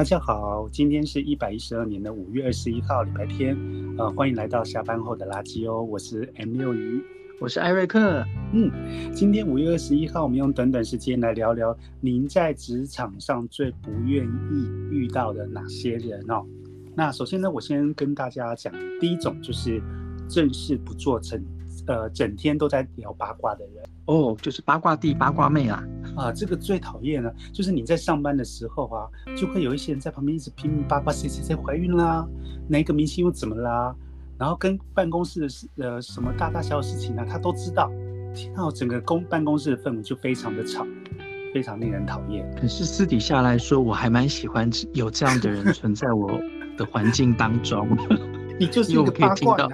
大家好，今天是一百一十二年的五月二十一號，禮拜天，呃，歡迎來到下班後的垃圾哦，我是 M 六魚，我是艾瑞克，嗯，今天五月二十一號，我們用短短時間來聊聊您在職場上最不願意遇到的哪些人哦。那首先呢，我先跟大家講，第一種就是正事不做成。呃，整天都在聊八卦的人哦，oh, 就是八卦弟、嗯、八卦妹啊。啊，這個最討厭了，就是你在上班的時候啊，就會有一些人在旁邊一直拼命八卦，誰誰誰懷孕啦，哪個明星又怎麼啦，啊，然後跟辦公室的呃什麼大大小小事情呢，啊，他都知道，然後、啊、整個公辦公室的氛圍就非常的吵，非常令人討厭。可是私底下來說，我還蠻喜歡有這樣的人存在我的環境當中， 你就是 因為我可以聽到。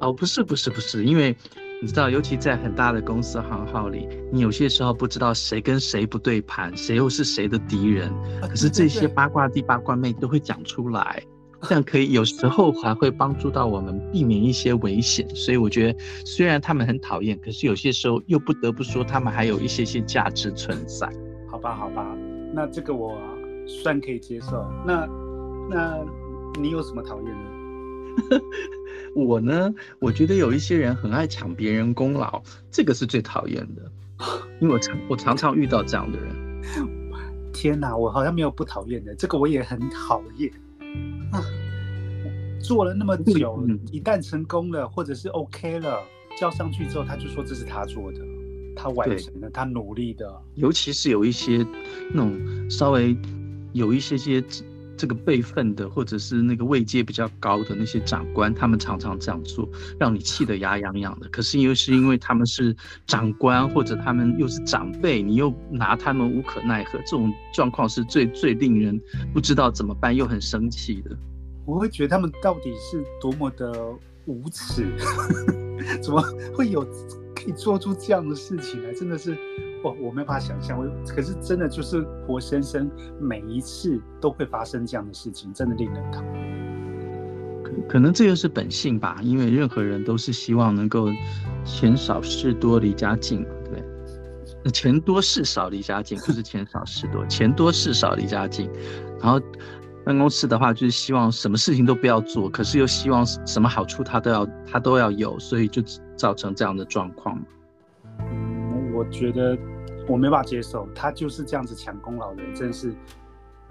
哦，不是，不是，不是，因為你知道，尤其在很大的公司行號裡，你有些時候不知道誰跟誰不對盤，誰又是誰的敵人，啊。可是這些八卦弟、八卦妹都會講出來，這樣可以，有時候還會幫助到我們避免一些危險。所以我覺得，雖然他們很討厭，可是有些時候又不得不說，他們還有一些些價值存在。好吧，好吧，那這個我算可以接受。那，那你有什麼討厭的？ 我呢，我覺得有一些人很愛搶別人功勞，這個是最討厭的，因為我常我常常遇到這樣的人。天哪，我好像沒有不討厭的，這個我也很討厭。啊、做了那麼久，嗯、一旦成功了或者是 OK 了，交上去之後，他就說這是他做的，他完成的，對他努力的。尤其是有一些那種稍微有一些些。這個輩分的，或者是那個位階比較高的那些長官，他們常常這樣做，讓你氣得牙癢癢的。可是又是因為他們是長官，或者他們又是長輩，你又拿他們無可奈何。這種狀況是最最令人不知道怎麼辦，又很生氣的。我會覺得他們到底是多麼的無恥， 怎麼會有可以做出這樣的事情來？真的是。我我沒法想象，我可是真的就是活生生每一次都會發生這樣的事情，真的令人疼。可能這又是本性吧，因為任何人都是希望能夠錢少事多離家近嘛，對，錢多事少離家近，不是錢少事多，錢 多事少離家近。然後辦公室的話，就是希望什麼事情都不要做，可是又希望什麼好處他都要他都要有，所以就造成這樣的狀況。我覺得我沒辦法接受，他就是這樣子搶功勞的人，真的是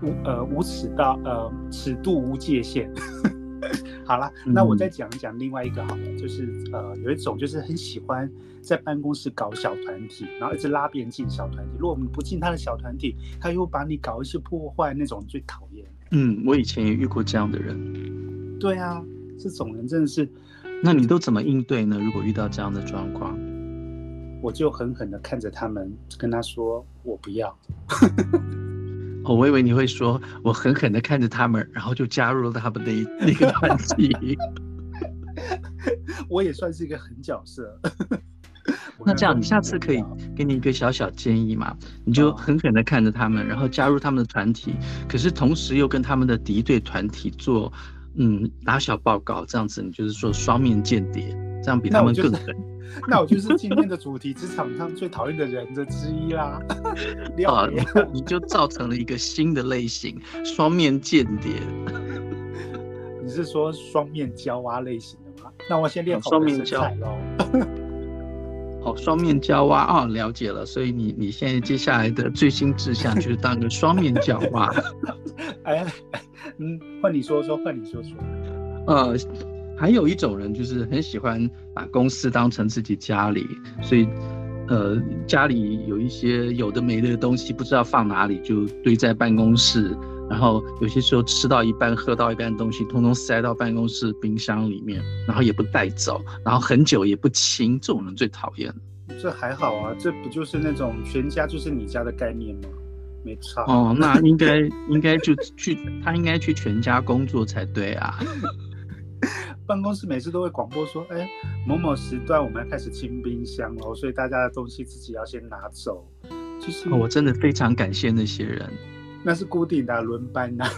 無呃無恥到呃尺度無界限。 好了，那我再講一講另外一個好了，就是呃有一種就是很喜歡在辦公室搞小團體，然後一直拉別人進小團體，如果我們不進他的小團體，他又把你搞一些破壞，那種最討厭。嗯，我以前也遇過這樣的人。對啊，這種人真的是，那你都怎麼應對呢？如果遇到這樣的狀況？我就狠狠的看着他們，跟他說：“我不要。” 我以為你會說，我狠狠的看着他們，然後就加入了他們的一 個團體。 我也算是一個狠角色。 那這樣，你下次可以給你一個小小建議嗎？對你就狠狠的看着他們，然後加入他們的團體，可是同時又跟他們的敵對團體做嗯打小報告，這樣子你就是說雙面間諜。這樣比他們更狠，那我就是今天的主題：職場上最討厭的人的之一啦。 啊，你就造成了一個新的類型——雙 面間諜。 你是說雙面膠蛙類型的嗎？那我先練好雙面膠。好，雙、 哦、面膠蛙啊，了解了。所以你你現在接下來的最新志向就是當個雙面膠蛙。 哎，嗯，換你說說，換你說說。嗯、呃。還有一種人就是很喜歡把公司當成自己家裡，所以，呃，家裡有一些有的沒的東西，不知道放哪裡就堆在辦公室，然後有些時候吃到一半、喝到一半的東西，通通塞到辦公室冰箱裡面，然後也不帶走，然後很久也不清。這種人最討厭。這還好啊，這不就是那種全家就是你家的概念嗎？沒錯。哦，那應該 應該就去，他應該去全家工作才對啊。辦公室每次都會廣播說：“哎，某某時段我們要開始清冰箱哦，所以大家的東西自己要先拿走。就是”其實、哦、我真的非常感謝那些人，那是固定的、啊、輪班吶、啊。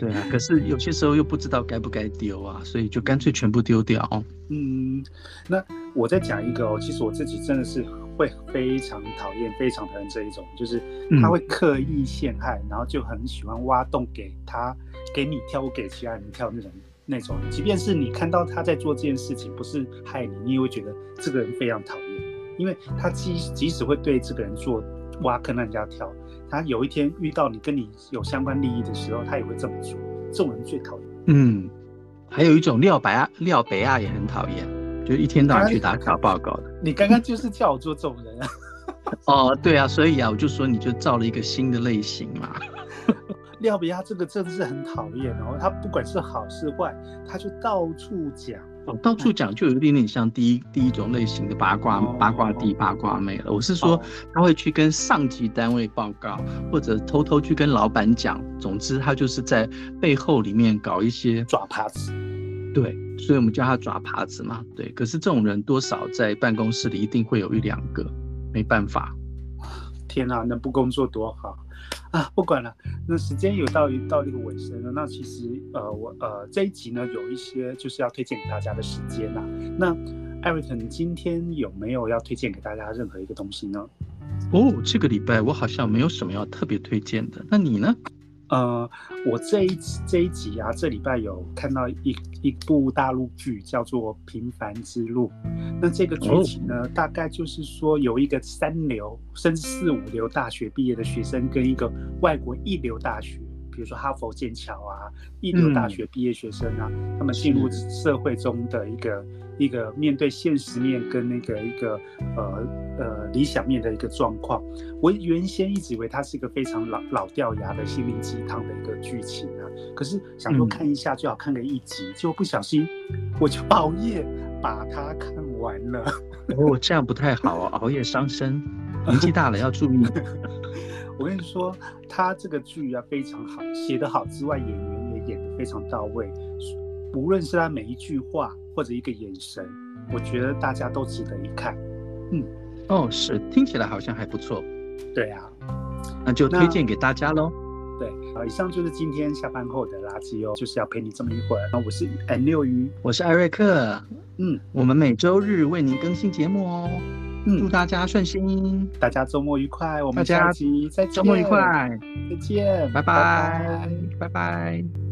對啊，可是有些時候又不知道該不該丟啊，所以就乾脆全部丟掉、哦。嗯，那我再講一個哦，其實我自己真的是會非常討厭、非常討厭這一種，就是他會刻意陷害，嗯、然後就很喜歡挖洞給他、給你跳，給其他人跳那種。那種，即便是你看到他在做這件事情，不是害你，你也會覺得這個人非常討厭，因為他即使即使會對這個人做挖坑讓人家跳，他有一天遇到你跟你有相關利益的時候，他也會這麼做。這種人最討厭。嗯，還有一種廖白亞，廖白亞也很討厭，就一天到晚去打卡報告的。哎，你剛剛就是叫我做這種人啊？ 哦，對啊，所以啊，我就說你就造了一個新的類型嘛。要不他這個真的是很討厭，哦。然後他不管是好是壞，他就到處講，哦，到處講就有一點點像第一、嗯、第一種類型的八卦，哦、八卦弟八卦妹了。我是說，他會去跟上級單位報告，或者偷偷去跟老板講。總之，他就是在背後裡面搞一些抓耙子。對，所以我們叫他抓耙子嘛。對，可是這種人多少在辦公室裡一定會有一兩個，沒辦法。天哪，啊，那不工作多好。啊，不管了，那時間有到一到這個尾聲了。那其實呃，我呃這一集呢，有一些就是要推薦給大家的時間吶、啊。那艾瑞騰今天有沒有要推薦給大家任何一個東西呢？哦，這個禮拜我好像沒有什麼要特別推薦的。那你呢？呃，我這一這一集啊，這禮拜有看到一一部大陸劇，叫做《平凡之路》。那這個劇情呢，哦、大概就是說，有一個三流甚至四五流大學畢業的學生，跟一個外國一流大學，比如說哈佛、劍橋啊，一流大學畢業學生啊，嗯、他們進入社會中的一個。一個面對現實面跟那個一個呃呃理想面的一個狀況，我原先一直以為它是一個非常老老掉牙的心靈雞湯的一個劇情啊，可是想說看一下，最好看個一集，結果、嗯、不小心我就熬夜把它看完了。哦，這樣不太好哦， 熬夜傷身，年紀大了要注意。 我跟你說，他這個劇啊非常好，寫得好之外，演員也演得非常到位，無論是他每一句話。或者一個眼神，我覺得大家都值得一看。嗯，哦，是，聽起來好像還不錯。對啊，那就推薦給大家嘍。對，好，呃，以上就是今天下班後的垃圾哦，就是要陪你這麼一會兒。那我是 N 六魚，我是艾瑞克。嗯，我們每周日為您更新節目哦。嗯，祝大家順心，大家周末愉快。我們下期再見，周末愉快，再見，拜拜，拜拜。拜拜。